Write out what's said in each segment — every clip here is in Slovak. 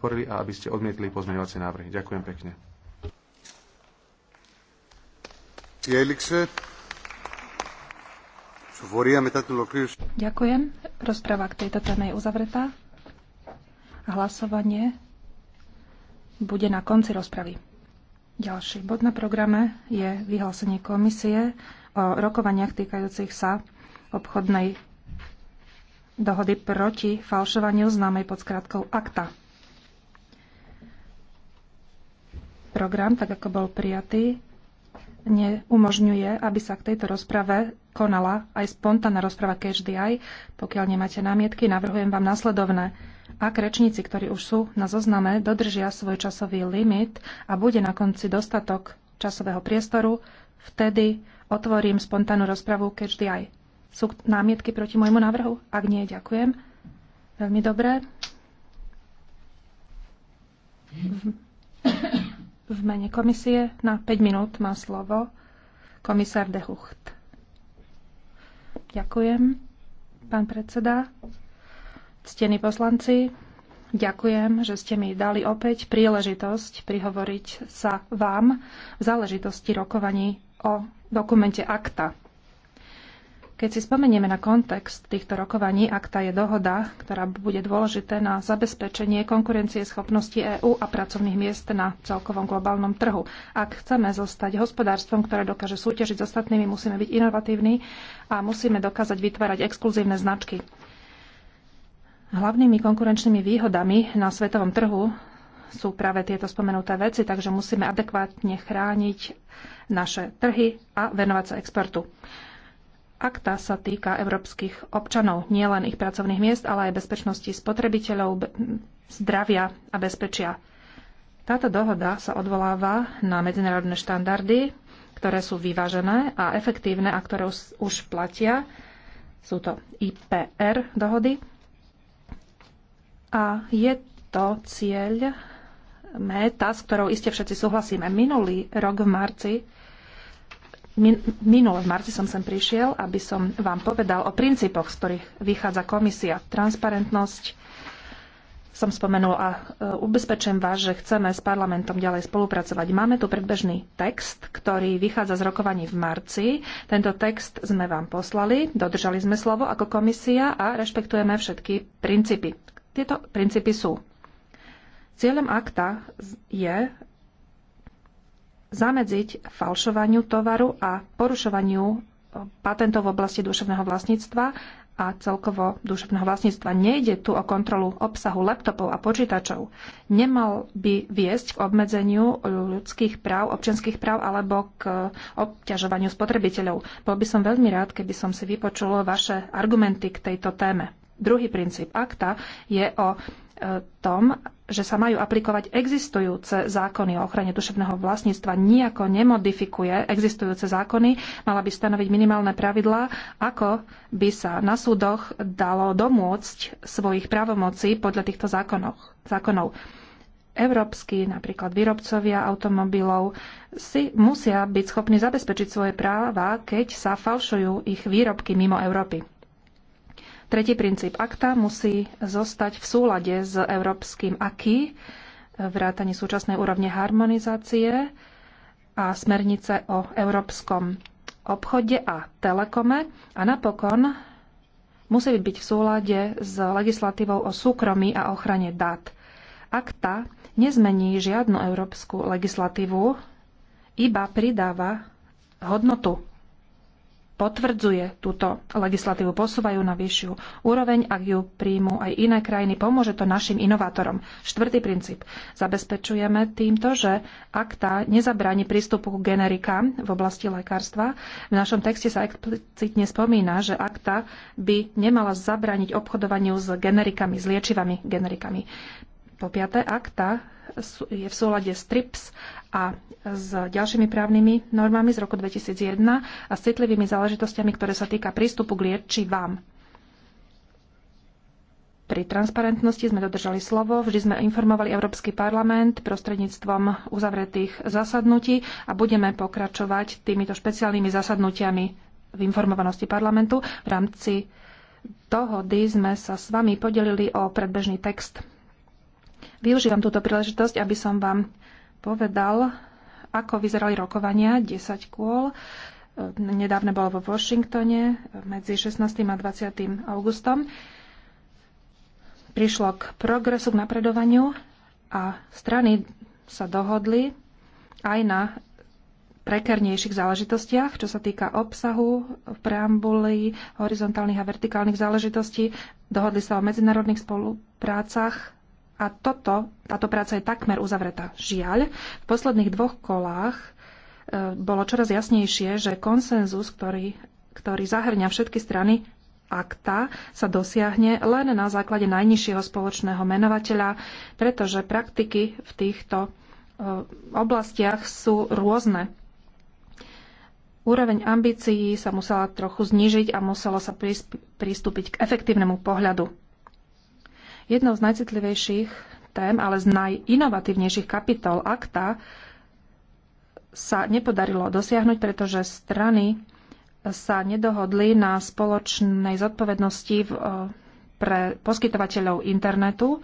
podporili a aby ste odmietli pozmeňovacie návrhy. Ďakujem pekne. Ďakujem. Rozpráva k tejto téme je uzavretá. Hlasovanie bude na konci rozpravy. Ďalší bod na programe je vyhlásenie komisie o rokovaniach týkajúcich sa obchodnej dohody proti falšovaniu známej pod skratkou ACTA. program, tak ako bol prijatý, neumožňuje, aby sa k tejto rozprave konala aj spontánna rozprava KHDI. Pokiaľ nemáte námietky, navrhujem vám nasledovné. Ak rečníci, ktorí už sú na zozname, dodržia svoj časový limit a bude na konci dostatok časového priestoru, vtedy otvorím spontánnu rozpravu KHDI. Sú námietky proti môjmu návrhu? Ak nie, ďakujem. Veľmi dobré. Mm-hmm. V mene komisie na 5 minút má slovo komisár de Hucht. Ďakujem, pán predseda. Ctení poslanci, ďakujem, že ste mi dali opäť príležitosť prihovoriť sa vám v záležitosti rokovaní o dokumente akta. Keď si spomenieme na kontext týchto rokovaní, ak tá je dohoda, ktorá bude dôležité na zabezpečenie konkurencie schopnosti EÚ a pracovných miest na celkovom globálnom trhu. Ak chceme zostať hospodárstvom, ktoré dokáže súťažiť s ostatnými, musíme byť inovatívni a musíme dokázať vytvárať exkluzívne značky. Hlavnými konkurenčnými výhodami na svetovom trhu sú práve tieto spomenuté veci, takže musíme adekvátne chrániť naše trhy a venovať sa exportu akta sa týka európskych občanov, nielen ich pracovných miest, ale aj bezpečnosti spotrebiteľov, zdravia a bezpečia. Táto dohoda sa odvoláva na medzinárodné štandardy, ktoré sú vyvážené a efektívne a ktoré už platia. Sú to IPR dohody. A je to cieľ, meta, s ktorou iste všetci súhlasíme. Minulý rok v marci Minul v marci som sem prišiel, aby som vám povedal o princípoch, z ktorých vychádza komisia. Transparentnosť som spomenul a e, ubezpečujem vás, že chceme s parlamentom ďalej spolupracovať. Máme tu predbežný text, ktorý vychádza z rokovaní v marci. Tento text sme vám poslali, dodržali sme slovo ako komisia a rešpektujeme všetky princípy. Tieto princípy sú. Cieľom akta je zamedziť falšovaniu tovaru a porušovaniu e, patentov v oblasti duševného vlastníctva a celkovo duševného vlastníctva. Nejde tu o kontrolu obsahu laptopov a počítačov. Nemal by viesť k obmedzeniu ľudských práv, občianských práv alebo k obťažovaniu spotrebiteľov. Bol by som veľmi rád, keby som si vypočul vaše argumenty k tejto téme. Druhý princíp akta je o e, tom, že sa majú aplikovať existujúce zákony o ochrane duševného vlastníctva, nijako nemodifikuje existujúce zákony, mala by stanoviť minimálne pravidlá, ako by sa na súdoch dalo domôcť svojich právomocí podľa týchto zákonov. zákonov. Európsky, napríklad výrobcovia automobilov, si musia byť schopní zabezpečiť svoje práva, keď sa falšujú ich výrobky mimo Európy. Tretí princíp akta musí zostať v súlade s európskym aký, vrátanie súčasnej úrovne harmonizácie a smernice o európskom obchode a telekome. A napokon musí byť v súlade s legislatívou o súkromí a ochrane dát. Akta nezmení žiadnu európsku legislatívu, iba pridáva hodnotu potvrdzuje túto legislatívu, posúvajú na vyššiu úroveň, ak ju príjmu aj iné krajiny, pomôže to našim inovátorom. Štvrtý princíp. Zabezpečujeme týmto, že akta nezabráni prístupu k generikám v oblasti lekárstva. V našom texte sa explicitne spomína, že akta by nemala zabrániť obchodovaniu s generikami, s liečivami generikami. Po piaté, akta je v súlade s TRIPS a s ďalšími právnymi normami z roku 2001 a s citlivými záležitostiami, ktoré sa týka prístupu k liečivám. Pri transparentnosti sme dodržali slovo, vždy sme informovali Európsky parlament prostredníctvom uzavretých zasadnutí a budeme pokračovať týmito špeciálnymi zasadnutiami v informovanosti parlamentu. V rámci dohody sme sa s vami podelili o predbežný text Využívam túto príležitosť, aby som vám povedal, ako vyzerali rokovania 10 kôl. Nedávne bolo vo Washingtone medzi 16. a 20. augustom. Prišlo k progresu, k napredovaniu a strany sa dohodli aj na prekernejších záležitostiach, čo sa týka obsahu, preambuli, horizontálnych a vertikálnych záležitostí. Dohodli sa o medzinárodných spoluprácach a toto, táto práca je takmer uzavretá. Žiaľ, v posledných dvoch kolách e, bolo čoraz jasnejšie, že konsenzus, ktorý, ktorý zahrňa všetky strany akta, sa dosiahne len na základe najnižšieho spoločného menovateľa, pretože praktiky v týchto e, oblastiach sú rôzne. Úroveň ambícií sa musela trochu znížiť a muselo sa pristúpiť k efektívnemu pohľadu Jednou z najcitlivejších tém, ale z najinovatívnejších kapitol akta sa nepodarilo dosiahnuť, pretože strany sa nedohodli na spoločnej zodpovednosti v, e, pre poskytovateľov internetu.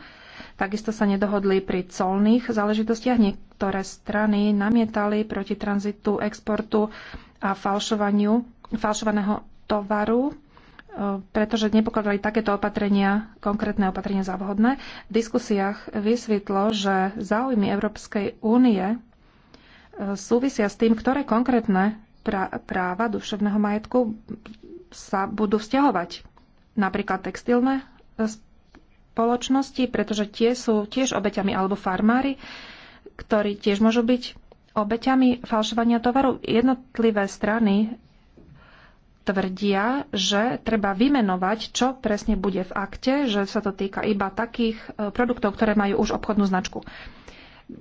Takisto sa nedohodli pri colných záležitostiach. Niektoré strany namietali proti tranzitu, exportu a falšovaniu falšovaného tovaru pretože nepokladali takéto opatrenia, konkrétne opatrenia za vhodné. V diskusiách vysvetlo, že záujmy Európskej únie e, súvisia s tým, ktoré konkrétne práva duševného majetku sa budú vzťahovať. Napríklad textilné e, spoločnosti, pretože tie sú tiež obeťami, alebo farmári, ktorí tiež môžu byť obeťami falšovania tovaru. Jednotlivé strany tvrdia, že treba vymenovať, čo presne bude v akte, že sa to týka iba takých e, produktov, ktoré majú už obchodnú značku.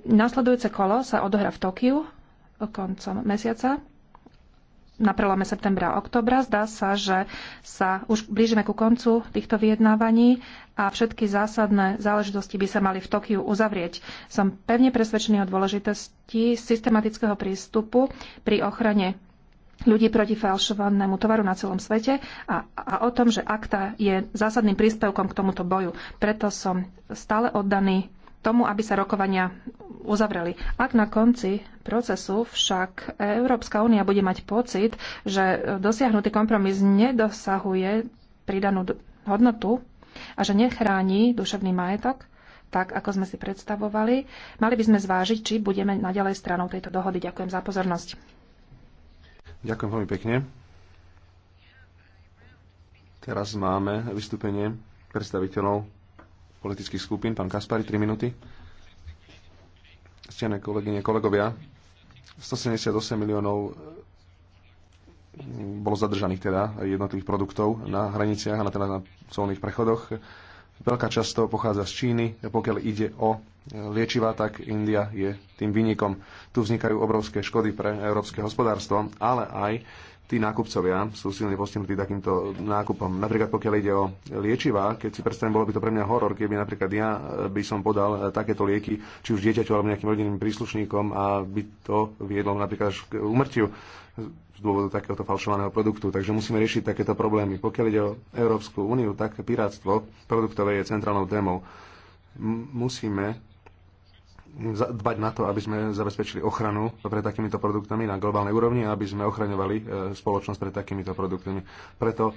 Nasledujúce kolo sa odohrá v Tokiu koncom mesiaca, na prelome septembra a oktobra. Zdá sa, že sa už blížime ku koncu týchto vyjednávaní a všetky zásadné záležitosti by sa mali v Tokiu uzavrieť. Som pevne presvedčený o dôležitosti systematického prístupu pri ochrane ľudí proti falšovanému tovaru na celom svete a, a o tom, že akta je zásadným príspevkom k tomuto boju. Preto som stále oddaný tomu, aby sa rokovania uzavreli. Ak na konci procesu však Európska únia bude mať pocit, že dosiahnutý kompromis nedosahuje pridanú hodnotu a že nechráni duševný majetok, tak ako sme si predstavovali, mali by sme zvážiť, či budeme naďalej stranou tejto dohody. Ďakujem za pozornosť. Ďakujem veľmi pekne. Teraz máme vystúpenie predstaviteľov politických skupín. Pán Kaspari, 3 minúty. Stiané kolegyne, kolegovia, 178 miliónov mm, bolo zadržaných teda jednotlivých produktov na hraniciach a na, teda na colných prechodoch. Veľká časť toho pochádza z Číny. Pokiaľ ide o e, liečivá, tak India je tým výnikom. Tu vznikajú obrovské škody pre európske hospodárstvo, ale aj tí nákupcovia sú silne postihnutí takýmto nákupom. Napríklad pokiaľ ide o liečiva, keď si predstavím, bolo by to pre mňa horor, keby napríklad ja by som podal eh, takéto lieky, či už dieťaťu alebo nejakým rodinným príslušníkom a by to viedlo napríklad až k umrtiu z dôvodu takéhoto falšovaného produktu. Takže musíme riešiť takéto problémy. Pokiaľ ide o Európsku úniu, tak piráctvo produktové je centrálnou témou. musíme dbať na to, aby sme zabezpečili ochranu pred takýmito produktami na globálnej úrovni a aby sme ochraňovali e, spoločnosť pred takýmito produktami. Preto e,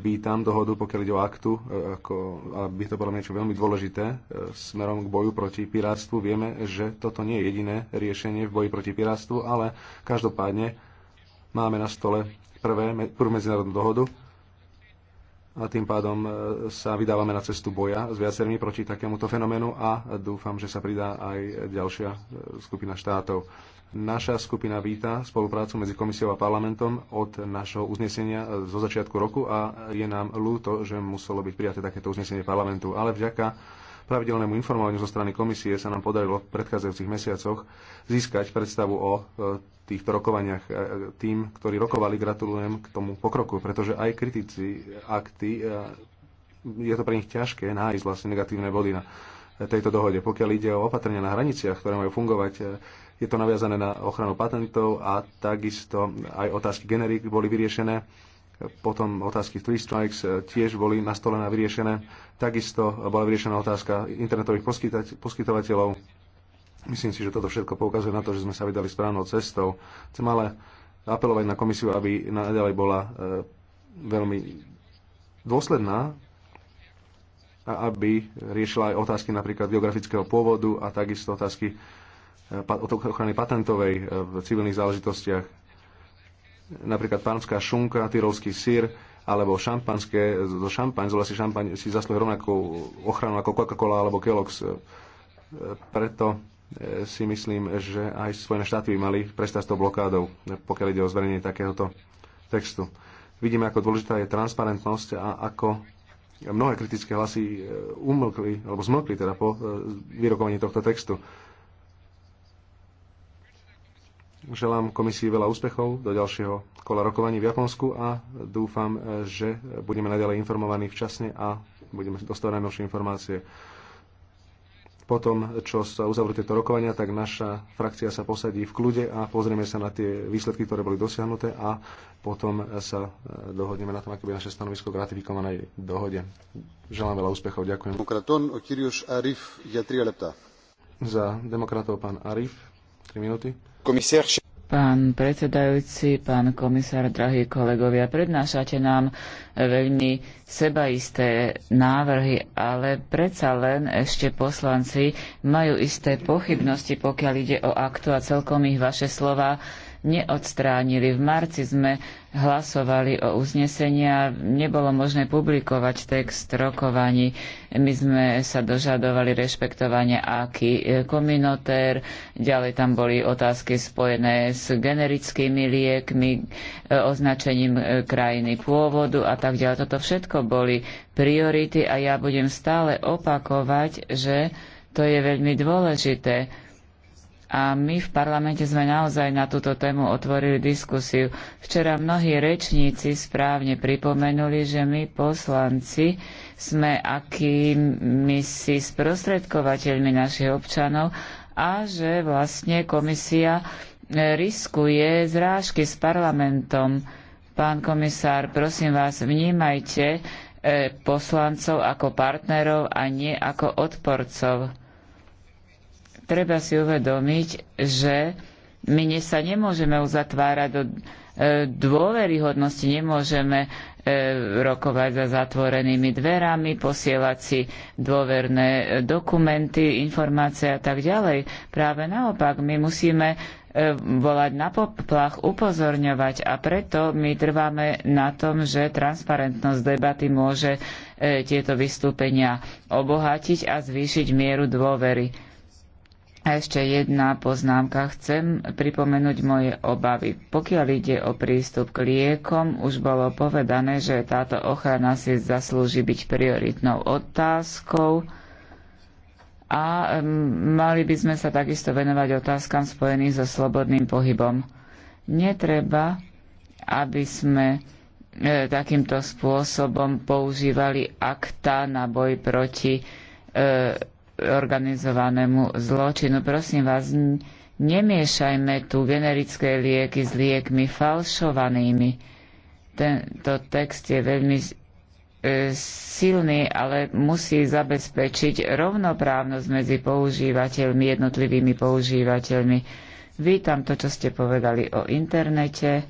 vítam dohodu, pokiaľ ide o aktu, e, ako, a by to bolo niečo veľmi dôležité smerom k boju proti pirátstvu. Vieme, že toto nie je jediné riešenie v boji proti pirátstvu, ale každopádne máme na stole prvé, prvú medzinárodnú dohodu, a tým pádom e, sa vydávame na cestu boja s viacerými proti takémuto fenoménu a dúfam, že sa pridá aj ďalšia e, skupina štátov. Naša skupina víta spoluprácu medzi komisiou a parlamentom od našho uznesenia e, zo začiatku roku a je nám ľúto, že muselo byť prijaté takéto uznesenie parlamentu. Ale vďaka pravidelnému informovaniu zo strany komisie sa nám podarilo v predchádzajúcich mesiacoch získať predstavu o e, týchto rokovaniach. E, e, tým, ktorí rokovali, gratulujem k tomu pokroku, pretože aj kritici akty, je to pre nich ťažké nájsť vlastne negatívne body na tejto dohode. Pokiaľ ide o opatrenia na hraniciach, ktoré majú fungovať, je to naviazané na ochranu patentov a takisto aj otázky generík boli vyriešené potom otázky Three Strikes e, tiež boli nastolené a vyriešené. Takisto bola vyriešená otázka internetových poskytovateľov. Myslím si, že toto všetko poukazuje na to, že sme sa vydali správnou cestou. Chcem ale apelovať na komisiu, aby naďalej bola e, veľmi dôsledná a aby riešila aj otázky napríklad geografického pôvodu a takisto otázky e, ochrany patentovej v civilných záležitostiach napríklad pánská šunka, tyrovský sír alebo šampanské, zo šampaň, z vlastne šampaň si zaslúhuje rovnakú ochranu ako Coca-Cola alebo Kellogg's. E, preto e, si myslím, že aj Spojené štáty by mali prestať s tou blokádou, pokiaľ ide o zverejnenie takéhoto textu. Vidíme, ako dôležitá je transparentnosť a ako mnohé kritické hlasy e, umlkli, alebo zmlkli teda po vyrokovaní tohto textu. Želám komisii veľa úspechov do ďalšieho kola rokovaní v Japonsku a dúfam, že budeme naďalej informovaní včasne a budeme dostávať najnovšie informácie. Po tom, čo sa uzavrú tieto rokovania, tak naša frakcia sa posadí v kľude a pozrieme sa na tie výsledky, ktoré boli dosiahnuté a potom sa e, dohodneme na tom, aké bude naše stanovisko k ratifikovanej dohode. Želám veľa úspechov. Ďakujem. Arif, ja lepta. Za demokratov pán Arif. 3 minúty. Komisár... Pán predsedajúci, pán komisár, drahí kolegovia, prednášate nám veľmi sebaisté návrhy, ale predsa len ešte poslanci majú isté pochybnosti, pokiaľ ide o aktu a celkom ich vaše slova neodstránili. V marci sme hlasovali o a nebolo možné publikovať text rokovaní. My sme sa dožadovali rešpektovania aký e, kominotér, ďalej tam boli otázky spojené s generickými liekmi, e, označením e, krajiny pôvodu a tak ďalej. Toto všetko boli priority a ja budem stále opakovať, že to je veľmi dôležité a my v parlamente sme naozaj na túto tému otvorili diskusiu. Včera mnohí rečníci správne pripomenuli, že my poslanci sme akými si sprostredkovateľmi našich občanov a že vlastne komisia e, riskuje zrážky s parlamentom. Pán komisár, prosím vás, vnímajte e, poslancov ako partnerov a nie ako odporcov treba si uvedomiť, že my ne sa nemôžeme uzatvárať do e, dôveryhodnosti, nemôžeme e, rokovať za zatvorenými dverami, posielať si dôverné e, dokumenty, informácie a tak ďalej. Práve naopak, my musíme volať na poplach, upozorňovať a preto my trváme na tom, že transparentnosť debaty môže tieto vystúpenia obohatiť a zvýšiť mieru dôvery. A ešte jedna poznámka. Chcem pripomenúť moje obavy. Pokiaľ ide o prístup k liekom, už bolo povedané, že táto ochrana si zaslúži byť prioritnou otázkou a mm, mali by sme sa takisto venovať otázkam spojeným so slobodným pohybom. Netreba, aby sme e, takýmto spôsobom používali akta na boj proti e, organizovanému zločinu. Prosím vás, nemiešajme tu generické lieky s liekmi falšovanými. Tento text je veľmi e, silný, ale musí zabezpečiť rovnoprávnosť medzi používateľmi, jednotlivými používateľmi. Vítam to, čo ste povedali o internete.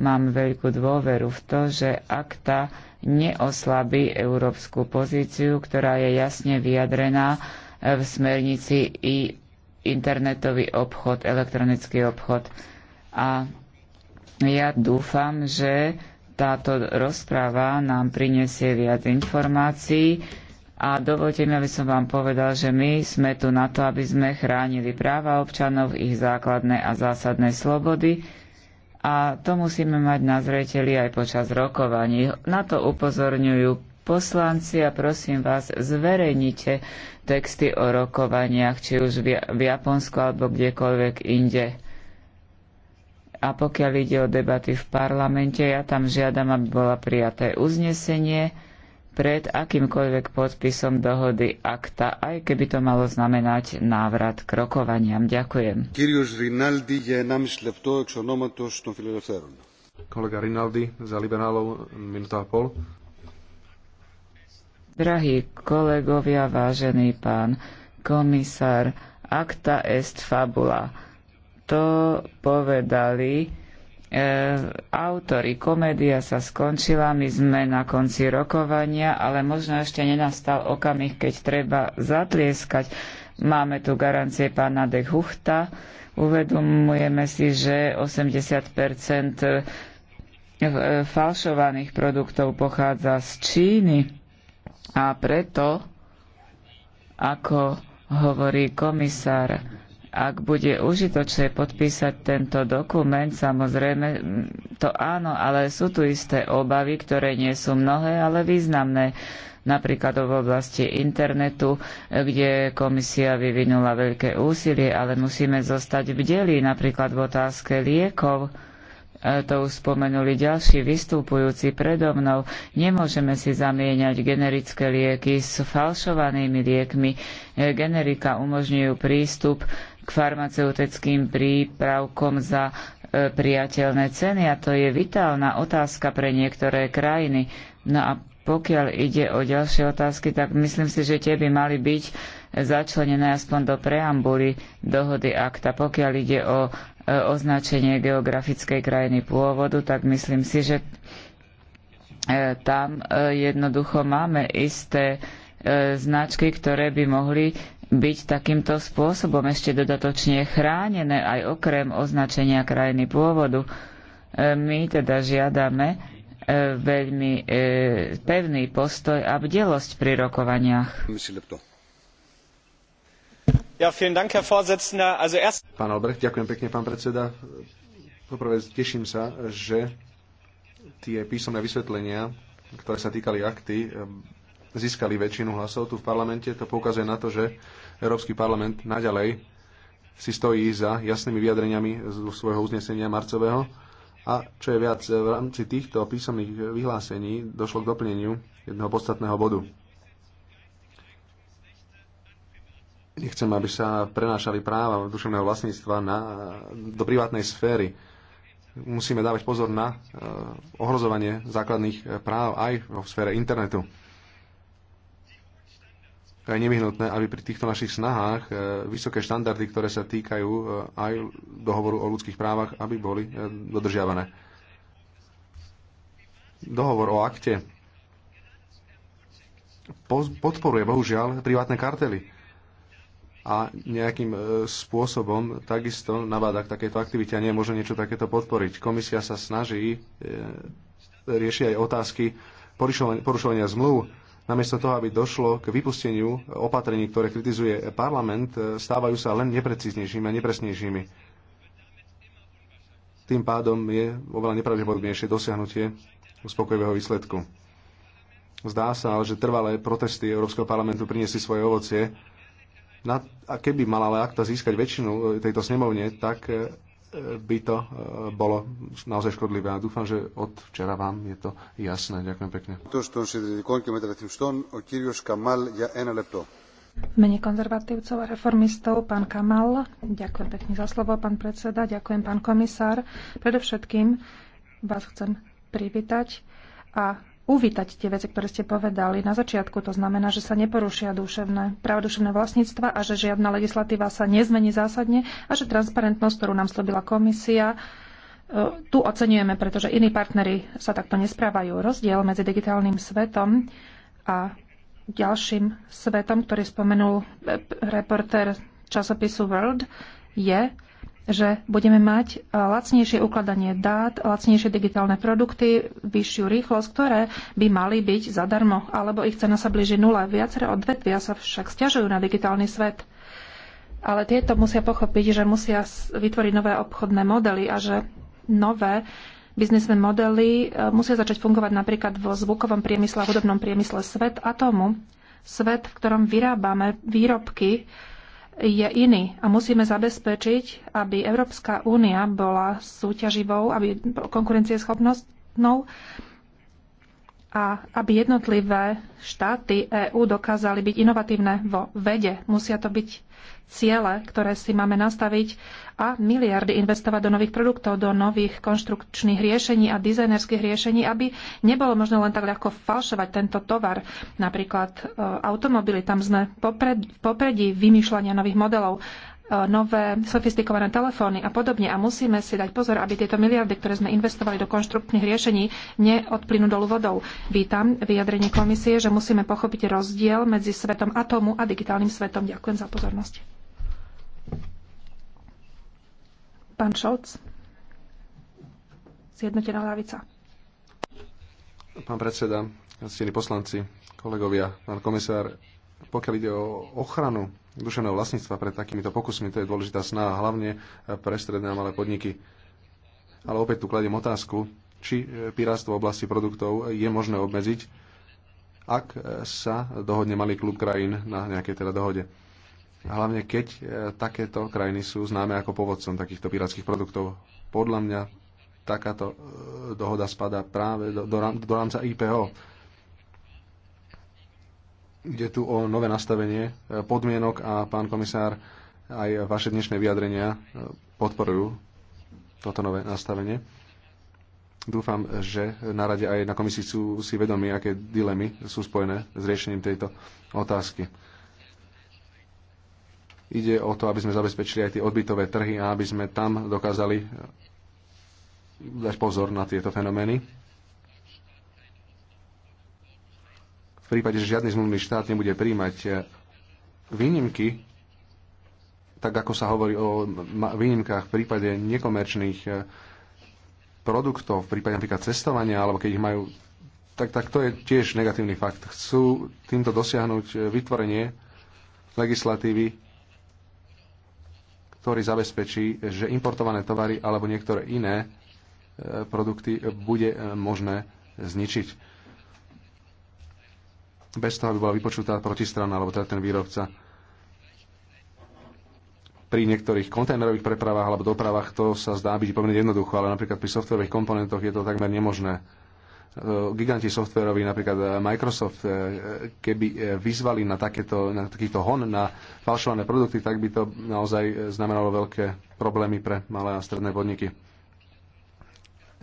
Mám veľkú dôveru v to, že akta neoslabí európsku pozíciu, ktorá je jasne vyjadrená v smernici i internetový obchod, elektronický obchod. A ja dúfam, že táto rozpráva nám prinesie viac informácií a dovolte mi, aby som vám povedal, že my sme tu na to, aby sme chránili práva občanov, ich základné a zásadné slobody, a to musíme mať na zreteli aj počas rokovaní. Na to upozorňujú poslanci a prosím vás, zverejnite texty o rokovaniach, či už v Japonsku alebo kdekoľvek inde. A pokiaľ ide o debaty v parlamente, ja tam žiadam, aby bola prijaté uznesenie, pred akýmkoľvek podpisom dohody akta, aj keby to malo znamenať návrat k rokovaniam. Ďakujem. Kolega Rinaldi za liberálov minúta a pol. Drahí kolegovia, vážený pán komisár, Akta est fabula. To povedali E, autory. Komédia sa skončila, my sme na konci rokovania, ale možno ešte nenastal okamih, keď treba zatlieskať. Máme tu garancie pána de Huchta. Uvedomujeme si, že 80 e, falšovaných produktov pochádza z Číny a preto, ako hovorí komisár ak bude užitočné podpísať tento dokument, samozrejme to áno, ale sú tu isté obavy, ktoré nie sú mnohé, ale významné. Napríklad v oblasti internetu, kde komisia vyvinula veľké úsilie, ale musíme zostať v deli, napríklad v otázke liekov e, to už spomenuli ďalší vystupujúci predo mnou, nemôžeme si zamieňať generické lieky s falšovanými liekmi. E, generika umožňujú prístup farmaceutickým prípravkom za e, priateľné ceny a to je vitálna otázka pre niektoré krajiny. No a pokiaľ ide o ďalšie otázky, tak myslím si, že tie by mali byť začlenené aspoň do preambuly dohody akta. Pokiaľ ide o e, označenie geografickej krajiny pôvodu, tak myslím si, že e, tam jednoducho máme isté značky, ktoré by mohli byť takýmto spôsobom ešte dodatočne chránené aj okrem označenia krajiny pôvodu. E, my teda žiadame e, veľmi e, pevný postoj a bdelosť pri rokovaniach. Pán Albrecht, ďakujem pekne, pán predseda. Poprvé, teším sa, že tie písomné vysvetlenia, ktoré sa týkali akty, získali väčšinu hlasov tu v parlamente. To poukazuje na to, že Európsky parlament naďalej si stojí za jasnými vyjadreniami zo svojho uznesenia marcového. A čo je viac, v rámci týchto písomných vyhlásení došlo k doplneniu jedného podstatného bodu. Nechcem, aby sa prenášali práva duševného vlastníctva na, do privátnej sféry. Musíme dávať pozor na eh, ohrozovanie základných práv aj v sfére internetu. To je nevyhnutné, aby pri týchto našich snahách e, vysoké štandardy, ktoré sa týkajú e, aj dohovoru o ľudských právach, aby boli e, dodržiavané. Dohovor o akte podporuje bohužiaľ privátne kartely a nejakým spôsobom takisto nabáda k takéto aktivite a nie môže niečo takéto podporiť. Komisia sa snaží riešiť aj otázky porušovania zmluv, Namiesto toho, aby došlo k vypusteniu opatrení, ktoré kritizuje parlament, stávajú sa len neprecíznejšími a nepresnejšími. Tým pádom je oveľa nepravdepodobnejšie dosiahnutie uspokojivého výsledku. Zdá sa, že trvalé protesty Európskeho parlamentu priniesli svoje ovocie. a keby mala ale akta získať väčšinu tejto snemovne, tak by to e, bolo naozaj škodlivé. A dúfam, že od včera vám je to jasné. Ďakujem pekne. V mene konzervatívcov a reformistov, pán Kamal, ďakujem pekne za slovo, pán predseda, ďakujem, pán komisár. Predovšetkým vás chcem privítať a uvítať tie veci, ktoré ste povedali na začiatku. To znamená, že sa neporušia duševné, právoduševné vlastníctva a že žiadna legislatíva sa nezmení zásadne a že transparentnosť, ktorú nám slobila komisia, e, tu oceňujeme, pretože iní partnery sa takto nesprávajú. Rozdiel medzi digitálnym svetom a ďalším svetom, ktorý spomenul e, reportér časopisu World, je, že budeme mať e, lacnejšie ukladanie dát, lacnejšie digitálne produkty, vyššiu rýchlosť, ktoré by mali byť zadarmo, alebo ich cena sa blíži nule. Viaceré odvetvia sa však stiažujú na digitálny svet. Ale tieto musia pochopiť, že musia vytvoriť nové obchodné modely a že nové biznisné modely e, musia začať fungovať napríklad vo zvukovom priemysle a hudobnom priemysle svet a tomu svet, v ktorom vyrábame výrobky, je iný a musíme zabezpečiť, aby Európska únia bola súťaživou, aby schopnostnou a aby jednotlivé štáty EÚ dokázali byť inovatívne vo vede. Musia to byť ciele, ktoré si máme nastaviť a miliardy investovať do nových produktov, do nových konštrukčných riešení a dizajnerských riešení, aby nebolo možno len tak ľahko falšovať tento tovar. Napríklad e, automobily, tam sme v popredí vymýšľania nových modelov e, nové sofistikované telefóny a podobne. A musíme si dať pozor, aby tieto miliardy, ktoré sme investovali do konštruktných riešení, neodplynú dolu vodou. Vítam vyjadrenie komisie, že musíme pochopiť rozdiel medzi svetom atómu a digitálnym svetom. Ďakujem za pozornosť. Pán Šolc, zjednotená ľavica. Pán predseda, stili poslanci, kolegovia, pán komisár, pokiaľ ide o ochranu dušeného vlastníctva pred takýmito pokusmi, to je dôležitá snaha, hlavne pre stredné a malé podniky. Ale opäť tu kladiem otázku, či pirátstvo v oblasti produktov je možné obmedziť, ak sa dohodne malý klub krajín na nejakej teda dohode. Hlavne keď e, takéto krajiny sú známe ako povodcom takýchto pirátskych produktov. Podľa mňa takáto e, dohoda spadá práve do, do, do rámca IPO. Ide tu o nové nastavenie e, podmienok a pán komisár, aj vaše dnešné vyjadrenia podporujú toto nové nastavenie. Dúfam, že na rade aj na komisii sú si vedomi, aké dilemy sú spojené s riešením tejto otázky. Ide o to, aby sme zabezpečili aj tie odbytové trhy a aby sme tam dokázali dať pozor na tieto fenomény. V prípade, že žiadny zmluvný štát nebude príjmať eh, výnimky, tak ako sa hovorí o výnimkách v prípade nekomerčných eh, produktov, v prípade napríklad cestovania, alebo keď ich majú, tak, tak to je tiež negatívny fakt. Chcú týmto dosiahnuť eh, vytvorenie legislatívy ktorý zabezpečí, že importované tovary alebo niektoré iné e, produkty bude e, možné zničiť. Bez toho, aby bola vypočutá protistrana alebo teda ten výrobca. Pri niektorých kontajnerových prepravách alebo dopravách to sa zdá byť pomerne jednoducho, ale napríklad pri softverových komponentoch je to takmer nemožné Eh, giganti softverovi, napríklad eh, Microsoft, eh, keby vyzvali na, takéto, na takýto hon na falšované produkty, tak by to naozaj znamenalo veľké problémy pre malé a stredné podniky.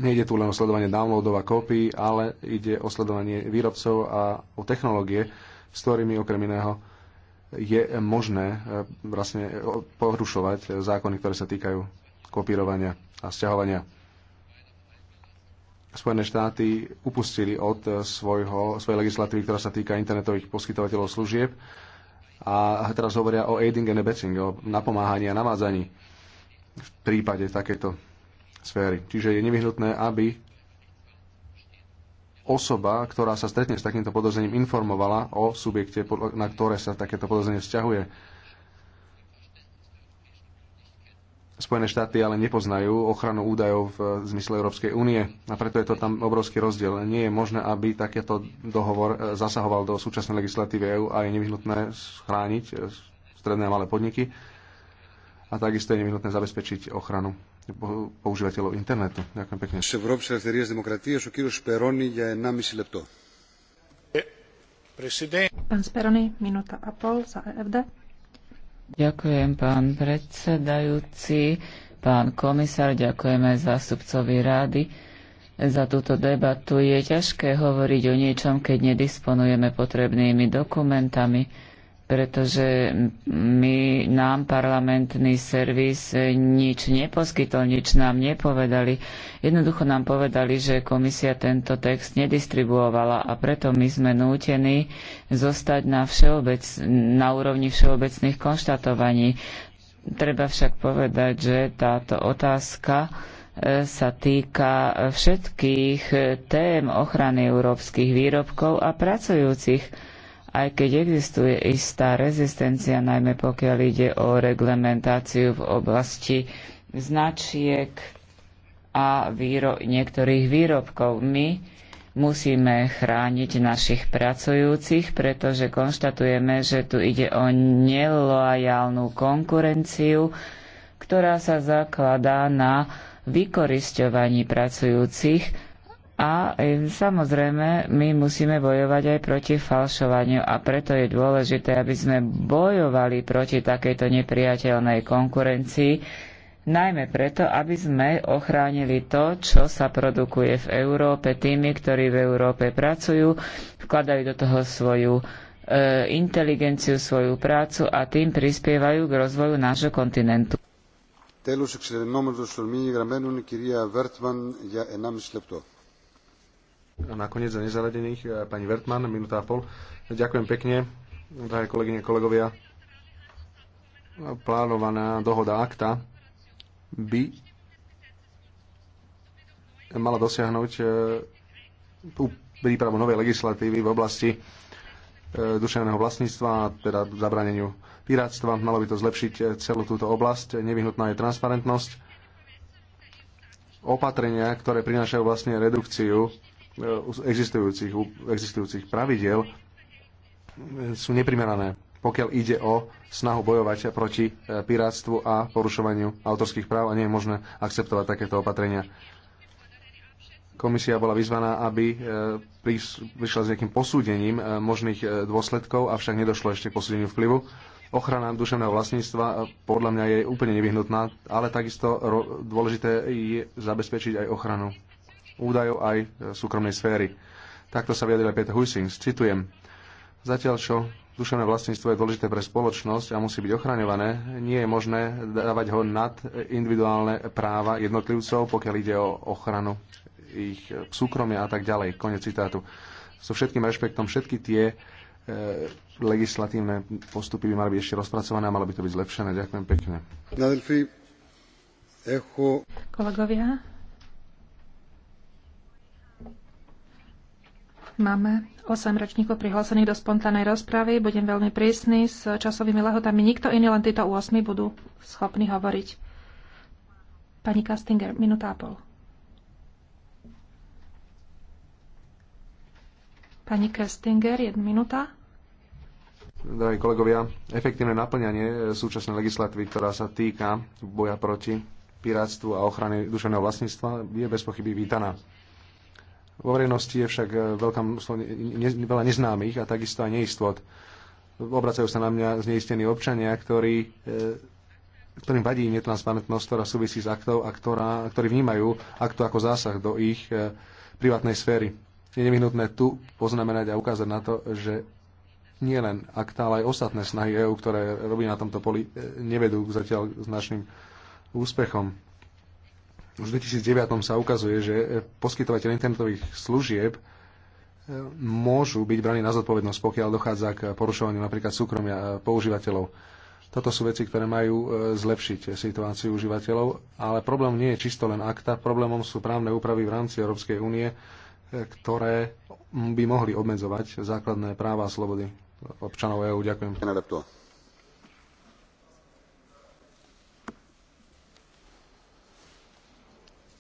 Nejde tu len o sledovanie downloadov a kópií, ale ide o sledovanie výrobcov a o technológie, s ktorými okrem iného je možné vlastne porušovať zákony, ktoré sa týkajú kopírovania a sťahovania Spojené štáty upustili od eh, svojho, svojej legislatívy, ktorá sa týka internetových poskytovateľov služieb a teraz hovoria o aiding and abetting, o napomáhaní a navádzaní v prípade takéto sféry. Čiže je nevyhnutné, aby osoba, ktorá sa stretne s takýmto podozrením, informovala o subjekte, na ktoré sa takéto podozrenie vzťahuje Spojené štáty ale nepoznajú ochranu údajov v zmysle Európskej únie a preto je to tam obrovský rozdiel. Nie je možné, aby takéto dohovor e, zasahoval do súčasnej legislatívy EÚ a je nevyhnutné schrániť e, stredné a malé podniky a takisto je nevyhnutné zabezpečiť ochranu používateľov internetu. Ďakujem pekne. Pán Speroni, minúta a pol za EFD. Ďakujem, pán predsedajúci, pán komisár, ďakujeme zástupcovi rády za túto debatu. Je ťažké hovoriť o niečom, keď nedisponujeme potrebnými dokumentami pretože my, nám parlamentný servis nič neposkytol, nič nám nepovedali. Jednoducho nám povedali, že komisia tento text nedistribuovala a preto my sme nútení zostať na, všeobec, na úrovni všeobecných konštatovaní. Treba však povedať, že táto otázka e, sa týka všetkých tém ochrany európskych výrobkov a pracujúcich aj keď existuje istá rezistencia, najmä pokiaľ ide o reglementáciu v oblasti značiek a výro- niektorých výrobkov. My musíme chrániť našich pracujúcich, pretože konštatujeme, že tu ide o nelojálnu konkurenciu, ktorá sa zakladá na vykorisťovaní pracujúcich, a e, samozrejme, my musíme bojovať aj proti falšovaniu a preto je dôležité, aby sme bojovali proti takejto nepriateľnej konkurencii, najmä preto, aby sme ochránili to, čo sa produkuje v Európe tými, ktorí v Európe pracujú, vkladajú do toho svoju e, inteligenciu, svoju prácu a tým prispievajú k rozvoju nášho kontinentu. Τέλος εξερενόμενος των γραμμένων, κυρία Βέρτμαν για 1,5 λεπτό. Nakoniec za nezaradených e, pani Vertman, minúta a pol. Ďakujem pekne, drahé kolegyne, kolegovia. Plánovaná dohoda akta by mala dosiahnuť e, tú prípravu novej legislatívy v oblasti e, duševného vlastníctva, teda zabraneniu piráctva. Malo by to zlepšiť celú túto oblasť. Nevyhnutná je transparentnosť. Opatrenia, ktoré prinášajú vlastne redukciu E, existujúcich, existujúcich pravidiel e, sú neprimerané, pokiaľ ide o snahu bojovať proti e, pirátstvu a porušovaniu autorských práv a nie je možné akceptovať takéto opatrenia. Komisia bola vyzvaná, aby prišla s nejakým posúdením možných dôsledkov, avšak nedošlo ešte k posúdeniu vplyvu. Ochrana duševného vlastníctva podľa mňa je úplne nevyhnutná, ale takisto dôležité je zabezpečiť aj ochranu údajov aj e, súkromnej sféry. Takto sa vyjadril Peter Huysings. Citujem. Zatiaľ, čo duševné vlastníctvo je dôležité pre spoločnosť a musí byť ochraňované, nie je možné dávať ho nad individuálne práva jednotlivcov, pokiaľ ide o ochranu ich e, súkromia a tak ďalej. Konec citátu. So všetkým rešpektom všetky tie e, legislatívne postupy by mali byť ešte rozpracované a malo by to byť zlepšené. Ďakujem pekne. Kolegovia, Máme 8 ročníkov prihlásených do spontánnej rozpravy. Budem veľmi prísny s časovými lehotami. Nikto iný, len títo 8 budú schopní hovoriť. Pani Kastinger, minúta a pol. Pani Kastinger, jedna minúta. Drahí kolegovia, efektívne naplňanie súčasnej legislatívy, ktorá sa týka boja proti pirátstvu a ochrany duševného vlastníctva, je bez pochyby vítaná vo verejnosti je však e, veľká, ne, veľa neznámych a takisto aj neistot. Obracajú sa na mňa zneistení občania, ktorí, e, ktorým vadí netransparentnosť, ktorá súvisí s aktov a ktorá, ktorí vnímajú aktu ako zásah do ich e, privátnej sféry. Je nevyhnutné tu poznamenať a ukázať na to, že nie len akta, ale aj ostatné snahy EÚ, ktoré robí na tomto poli, nevedú zatiaľ značným úspechom už v 2009 sa ukazuje, že e, poskytovateľ internetových služieb e, môžu byť braní na zodpovednosť, pokiaľ dochádza k porušovaniu napríklad súkromia e, používateľov. Toto sú veci, ktoré majú zlepšiť situáciu užívateľov, ale problém nie je čisto len akta, problémom sú právne úpravy v rámci Európskej únie, ktoré by mohli obmedzovať základné práva a slobody občanov EÚ. Ďakujem.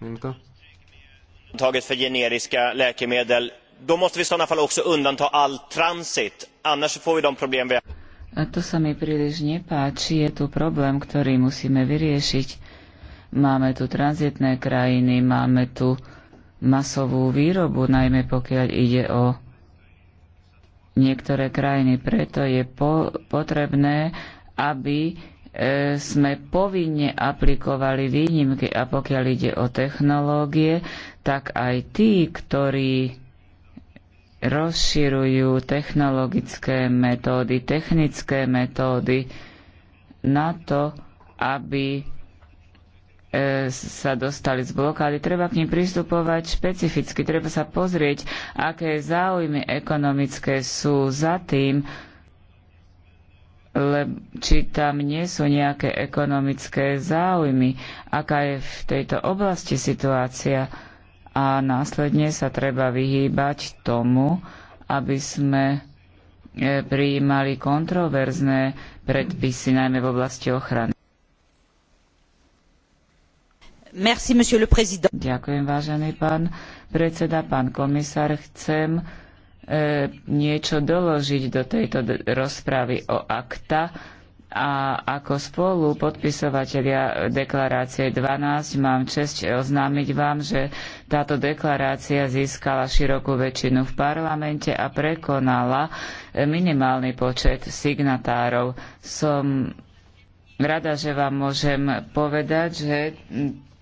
Undantaget för generiska läkemedel. Då måste vi i sådana fall också undanta all transit. Annars får vi de problem vi har. To sa mi príliš nepáči. Je tu problém, ktorý musíme vyriešiť. Máme tu tranzitné krajiny, máme tu masovú výrobu, najmä pokiaľ ide o niektoré krajiny. Preto je po, potrebné, aby e, sme povinne aplikovali výnimky a pokiaľ ide o technológie, tak aj tí, ktorí rozširujú technologické metódy, technické metódy na to, aby E, sa dostali z blokády. Treba k nim pristupovať špecificky. Treba sa pozrieť, aké záujmy ekonomické sú za tým, či tam nie sú nejaké ekonomické záujmy, aká je v tejto oblasti situácia a následne sa treba vyhýbať tomu, aby sme e, prijímali kontroverzné predpisy, najmä v oblasti ochrany. Ďakujem, vážený pán predseda, pán komisár. Chcem e, niečo doložiť do tejto rozpravy o ACTA a ako spolupodpisovateľia deklarácie twelve mám česť oznámiť vám, že táto deklarácia získala širokú väčšinu v parlamente a prekonala e, minimálny počet signatárov. Som rada, že vám môžem povedať, že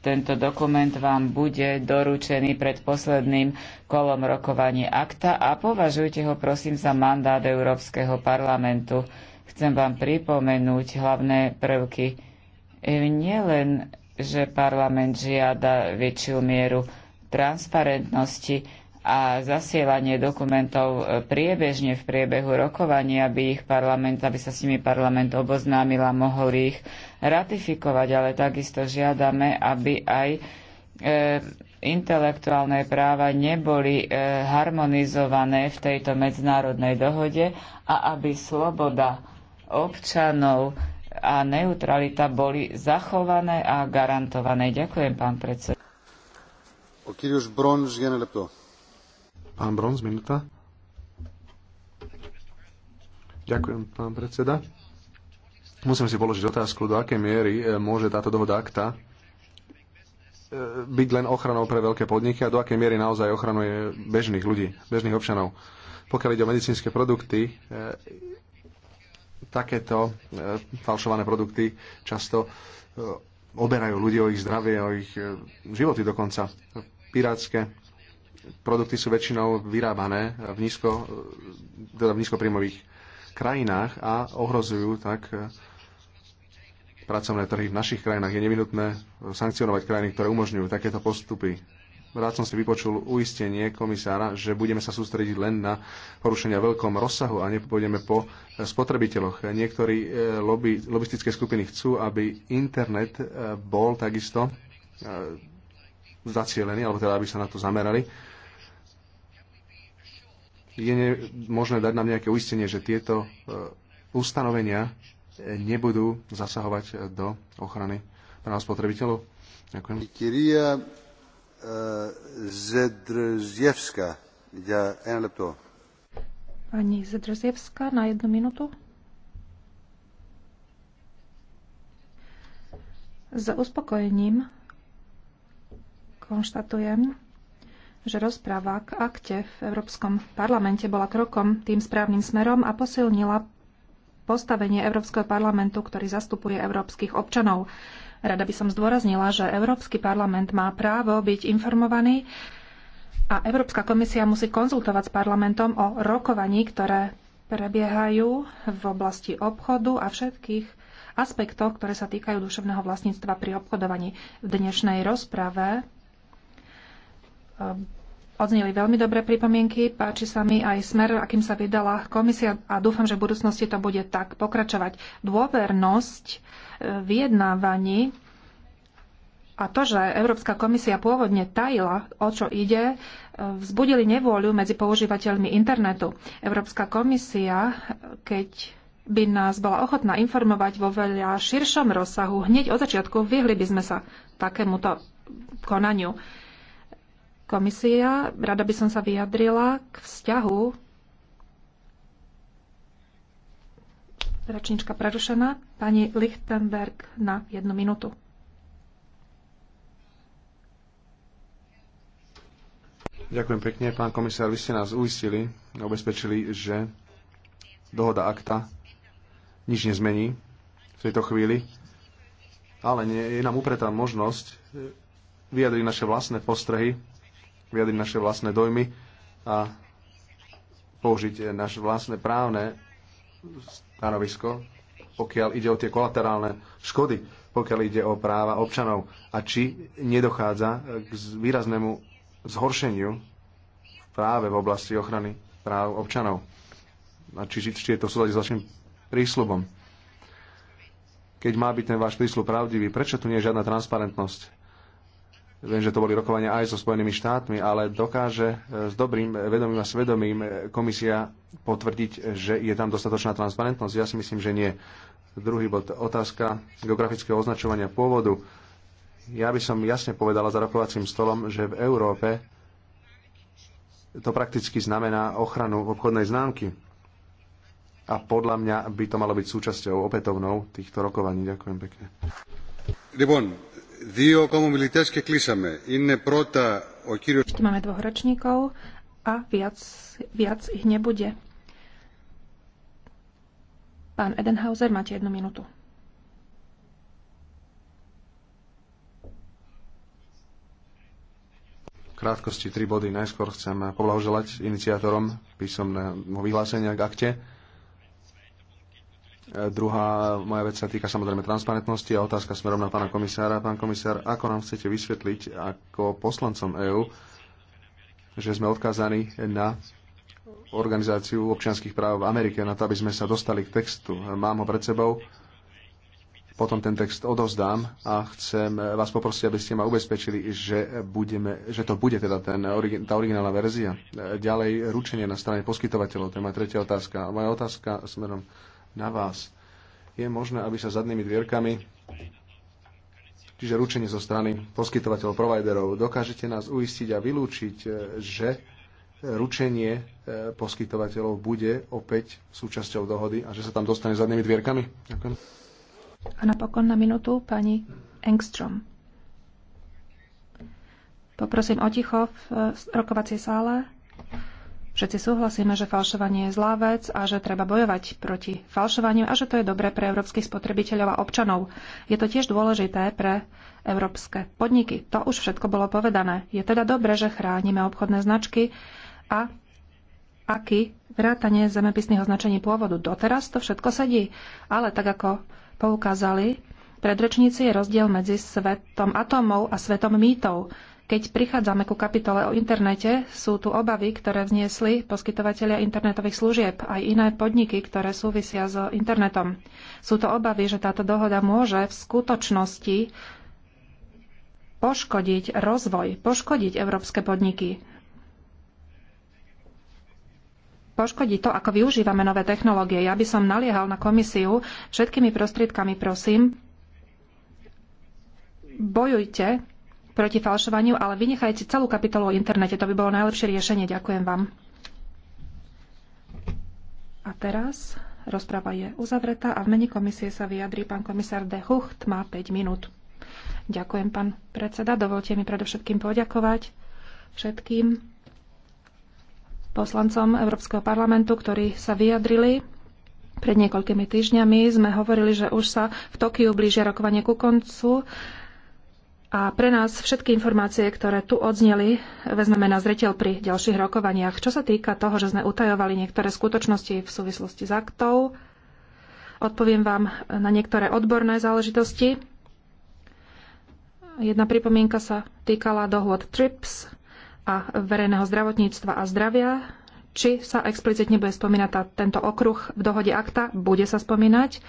tento dokument vám bude doručený pred posledným kolom rokovania akta a považujte ho prosím za mandát Európskeho parlamentu. Chcem vám pripomenúť hlavné prvky. E, Nie len, že parlament žiada väčšiu mieru transparentnosti, a zasielanie dokumentov e, priebežne v priebehu rokovania, aby ich parlament, aby sa s nimi parlament oboznámil a mohol ich ratifikovať, ale takisto žiadame, aby aj e, intelektuálne práva neboli e, harmonizované v tejto medzinárodnej dohode a aby sloboda občanov a neutralita boli zachované a garantované. Ďakujem, pán predseda. O Pán Bronz, minúta. Ďakujem, pán predseda. Musím si položiť otázku, do akej miery e, môže táto dohoda akta e, byť len ochranou pre veľké podniky a do akej miery naozaj ochranuje bežných ľudí, bežných občanov. Pokiaľ ide o medicínske produkty, e, takéto falšované produkty často oberajú ľudí o ich zdravie, o ich životy dokonca. Pirátske produkty sú väčšinou vyrábané v, nízko, teda v nízkopríjmových krajinách a ohrozujú tak eh, pracovné trhy v našich krajinách. Je nevinutné sankcionovať krajiny, ktoré umožňujú takéto postupy. Rád som si vypočul uistenie komisára, že budeme sa sústrediť len na porušenia veľkom rozsahu a nepôjdeme po spotrebiteľoch. Niektorí eh, lobby, lobistické skupiny chcú, aby internet eh, bol takisto zacielení, alebo teda aby sa na to zamerali. Je ne, možné dať nám nejaké uistenie, že tieto uh, ustanovenia nebudú zasahovať uh, do ochrany práv spotrebiteľov? Ďakujem. Kyria e, Zedrzjevska, ja lepto. Pani Zedrzjevska na jednu minútu. Za uspokojením konštatujem, že rozpráva k akte v Európskom parlamente bola krokom tým správnym smerom a posilnila postavenie Európskeho parlamentu, ktorý zastupuje európskych občanov. Rada by som zdôraznila, že Európsky parlament má právo byť informovaný a Európska komisia musí konzultovať s parlamentom o rokovaní, ktoré prebiehajú v oblasti obchodu a všetkých aspektov, ktoré sa týkajú duševného vlastníctva pri obchodovaní. V dnešnej rozprave Ehm, odzneli veľmi dobré pripomienky, páči sa mi aj smer, akým sa vydala komisia a dúfam, že v budúcnosti to bude tak pokračovať. Dôvernosť e, vyjednávaní a to, že Európska komisia pôvodne tajila, o čo ide, e, vzbudili nevôľu medzi používateľmi internetu. Európska komisia, e, keď by nás bola ochotná informovať vo veľa širšom rozsahu hneď od začiatku, vyhli by sme sa takémuto konaniu komisia, rada by som sa vyjadrila k vzťahu Račnička prerušená. Pani Lichtenberg na jednu minútu. Ďakujem pekne, pán komisár. Vy ste nás uistili, ubezpečili, že dohoda akta nič nezmení v tejto chvíli, ale nie, je nám upretá možnosť vyjadriť naše vlastné postrehy vyjadriť naše vlastné dojmy a použiť naše vlastné právne stanovisko, pokiaľ ide o tie kolaterálne škody, pokiaľ ide o práva občanov a či nedochádza k výraznému zhoršeniu práve v oblasti ochrany práv občanov a či, či je to v s vašim prísľubom. Keď má byť ten váš prísľub pravdivý, prečo tu nie je žiadna transparentnosť? viem, že to boli rokovania aj so Spojenými štátmi, ale dokáže e, s dobrým e, vedomím a svedomím e, komisia potvrdiť, že je tam dostatočná transparentnosť? Ja si myslím, že nie. Druhý bod, otázka geografického označovania pôvodu. Ja by som jasne povedala za rokovacím stolom, že v Európe to prakticky znamená ochranu obchodnej známky. A podľa mňa by to malo byť súčasťou opätovnou týchto rokovaní. Ďakujem pekne. Ešte máme dvoch rečníkov a viac, viac ich nebude. Pán Edenhauser, máte jednu minútu. krátkosti tri body. Najskôr chcem poblahoželať iniciátorom písomného vyhlásenia k akte. Druhá moja vec sa týka samozrejme transparentnosti a otázka smerom na pána komisára. Pán komisár, ako nám chcete vysvetliť ako poslancom EÚ, že sme odkázaní na organizáciu občianských práv v Amerike, na to, aby sme sa dostali k textu. Mám ho pred sebou, potom ten text odozdám a chcem vás poprosiť, aby ste ma ubezpečili, že, budeme, že to bude teda ten, tá originálna verzia. Ďalej, ručenie na strane poskytovateľov, to je moja tretia otázka. Moja otázka smerom na vás. Je možné, aby sa zadnými dvierkami, čiže ručenie zo strany poskytovateľov, providerov, dokážete nás uistiť a vylúčiť, e, že ručenie e, poskytovateľov bude opäť súčasťou dohody a že sa tam dostane zadnými dvierkami? Ďakujem. A napokon na minútu pani Engstrom. Poprosím o ticho v e, rokovacej sále. Všetci súhlasíme, že falšovanie je zlá vec a že treba bojovať proti falšovaniu a že to je dobré pre európskych spotrebiteľov a občanov. Je to tiež dôležité pre európske podniky. To už všetko bolo povedané. Je teda dobré, že chránime obchodné značky a aký vrátanie zemepisných označení pôvodu. Doteraz to všetko sedí, ale tak ako poukázali predrečníci, je rozdiel medzi svetom atómov a svetom mýtov. Keď prichádzame ku kapitole o internete, sú tu obavy, ktoré vzniesli poskytovateľia internetových služieb aj iné podniky, ktoré súvisia s internetom. Sú to obavy, že táto dohoda môže v skutočnosti poškodiť rozvoj, poškodiť európske podniky, poškodí to, ako využívame nové technológie. Ja by som naliehal na komisiu všetkými prostriedkami, prosím, bojujte proti falšovaniu, ale vynechajte celú kapitolu o internete. To by bolo najlepšie riešenie. Ďakujem vám. A teraz rozprava je uzavretá a v mene komisie sa vyjadrí pán komisár De Hucht. Má 5 minút. Ďakujem, pán predseda. Dovolte mi predovšetkým poďakovať všetkým poslancom Európskeho parlamentu, ktorí sa vyjadrili pred niekoľkými týždňami sme hovorili, že už sa v Tokiu blížia rokovanie ku koncu a pre nás všetky informácie, ktoré tu odzneli, vezmeme na zreteľ pri ďalších rokovaniach. Čo sa týka toho, že sme utajovali niektoré skutočnosti v súvislosti s aktou, odpoviem vám na niektoré odborné záležitosti. Jedna pripomienka sa týkala dohôd TRIPS a verejného zdravotníctva a zdravia. Či sa explicitne bude spomínať tento okruh v dohode akta, bude sa spomínať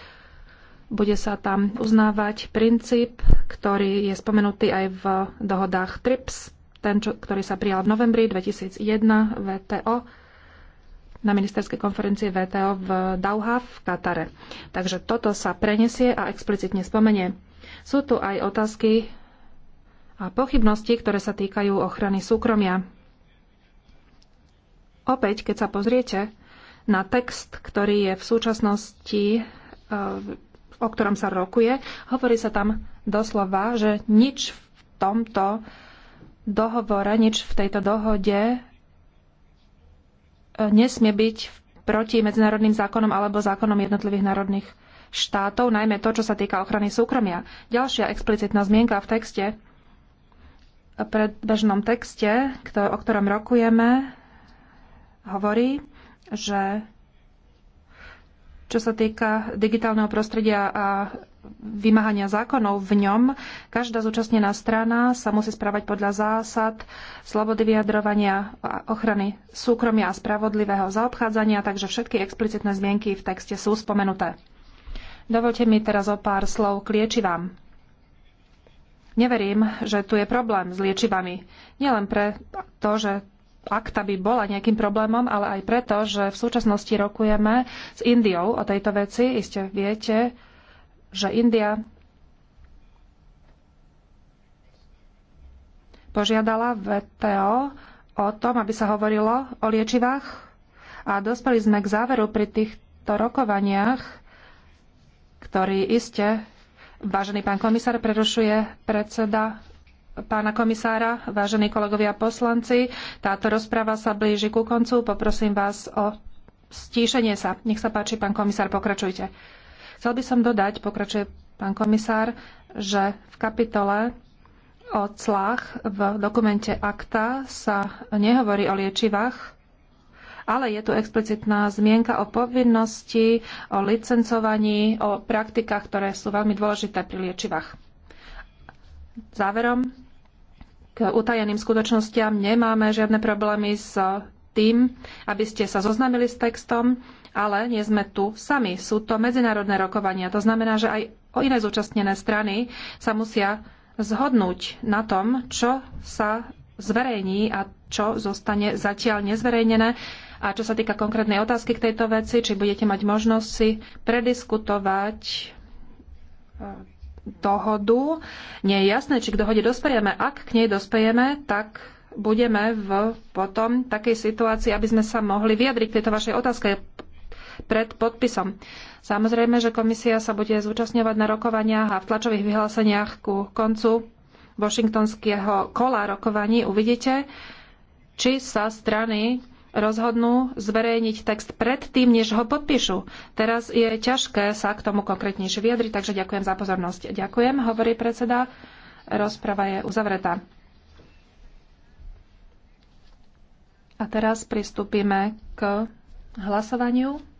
bude sa tam uznávať princíp, ktorý je spomenutý aj v dohodách TRIPS, ten, čo, ktorý sa prijal v novembri 2001 VTO na ministerskej konferencii VTO v Dauha v Katare. Takže toto sa prenesie a explicitne spomenie. Sú tu aj otázky a pochybnosti, ktoré sa týkajú ochrany súkromia. Opäť, keď sa pozriete na text, ktorý je v súčasnosti eh, o ktorom sa rokuje, hovorí sa tam doslova, že nič v tomto dohovore, nič v tejto dohode e, nesmie byť proti medzinárodným zákonom alebo zákonom jednotlivých národných štátov, najmä to, čo sa týka ochrany súkromia. Ďalšia explicitná zmienka v texte, predbežnom texte, o ktorom rokujeme, hovorí, že čo sa týka digitálneho prostredia a vymáhania zákonov v ňom, každá zúčastnená strana sa musí správať podľa zásad slobody vyjadrovania, ochrany súkromia a spravodlivého zaobchádzania, takže všetky explicitné zmienky v texte sú spomenuté. Dovolte mi teraz o pár slov k liečivám. Neverím, že tu je problém s liečivami. Nielen pre to, že akta by bola nejakým problémom, ale aj preto, že v súčasnosti rokujeme s Indiou o tejto veci. Iste viete, že India požiadala VTO o tom, aby sa hovorilo o liečivách a dospeli sme k záveru pri týchto rokovaniach, ktorý iste, vážený pán komisár, prerušuje predseda pána komisára, vážení kolegovia poslanci. Táto rozpráva sa blíži ku koncu. Poprosím vás o stíšenie sa. Nech sa páči, pán komisár, pokračujte. Chcel by som dodať, pokračuje pán komisár, že v kapitole o clách v dokumente akta sa nehovorí o liečivách, ale je tu explicitná zmienka o povinnosti, o licencovaní, o praktikách, ktoré sú veľmi dôležité pri liečivách. Záverom k utajeným skutočnostiam. Nemáme žiadne problémy s tým, aby ste sa zoznámili s textom, ale nie sme tu sami. Sú to medzinárodné rokovania. To znamená, že aj o iné zúčastnené strany sa musia zhodnúť na tom, čo sa zverejní a čo zostane zatiaľ nezverejnené. A čo sa týka konkrétnej otázky k tejto veci, či budete mať možnosť si prediskutovať dohodu. Nie je jasné, či k dohode dospejeme. Ak k nej dospejeme, tak budeme v potom takej situácii, aby sme sa mohli vyjadriť k tejto vašej otázke pred podpisom. Samozrejme, že komisia sa bude zúčastňovať na rokovaniach a v tlačových vyhláseniach ku koncu washingtonského kola rokovaní uvidíte, či sa strany rozhodnú zverejniť text predtým, než ho podpíšu. Teraz je ťažké sa k tomu konkrétnejšie vyjadriť, takže ďakujem za pozornosť. Ďakujem, hovorí predseda. Rozprava je uzavretá. A teraz pristúpime k hlasovaniu.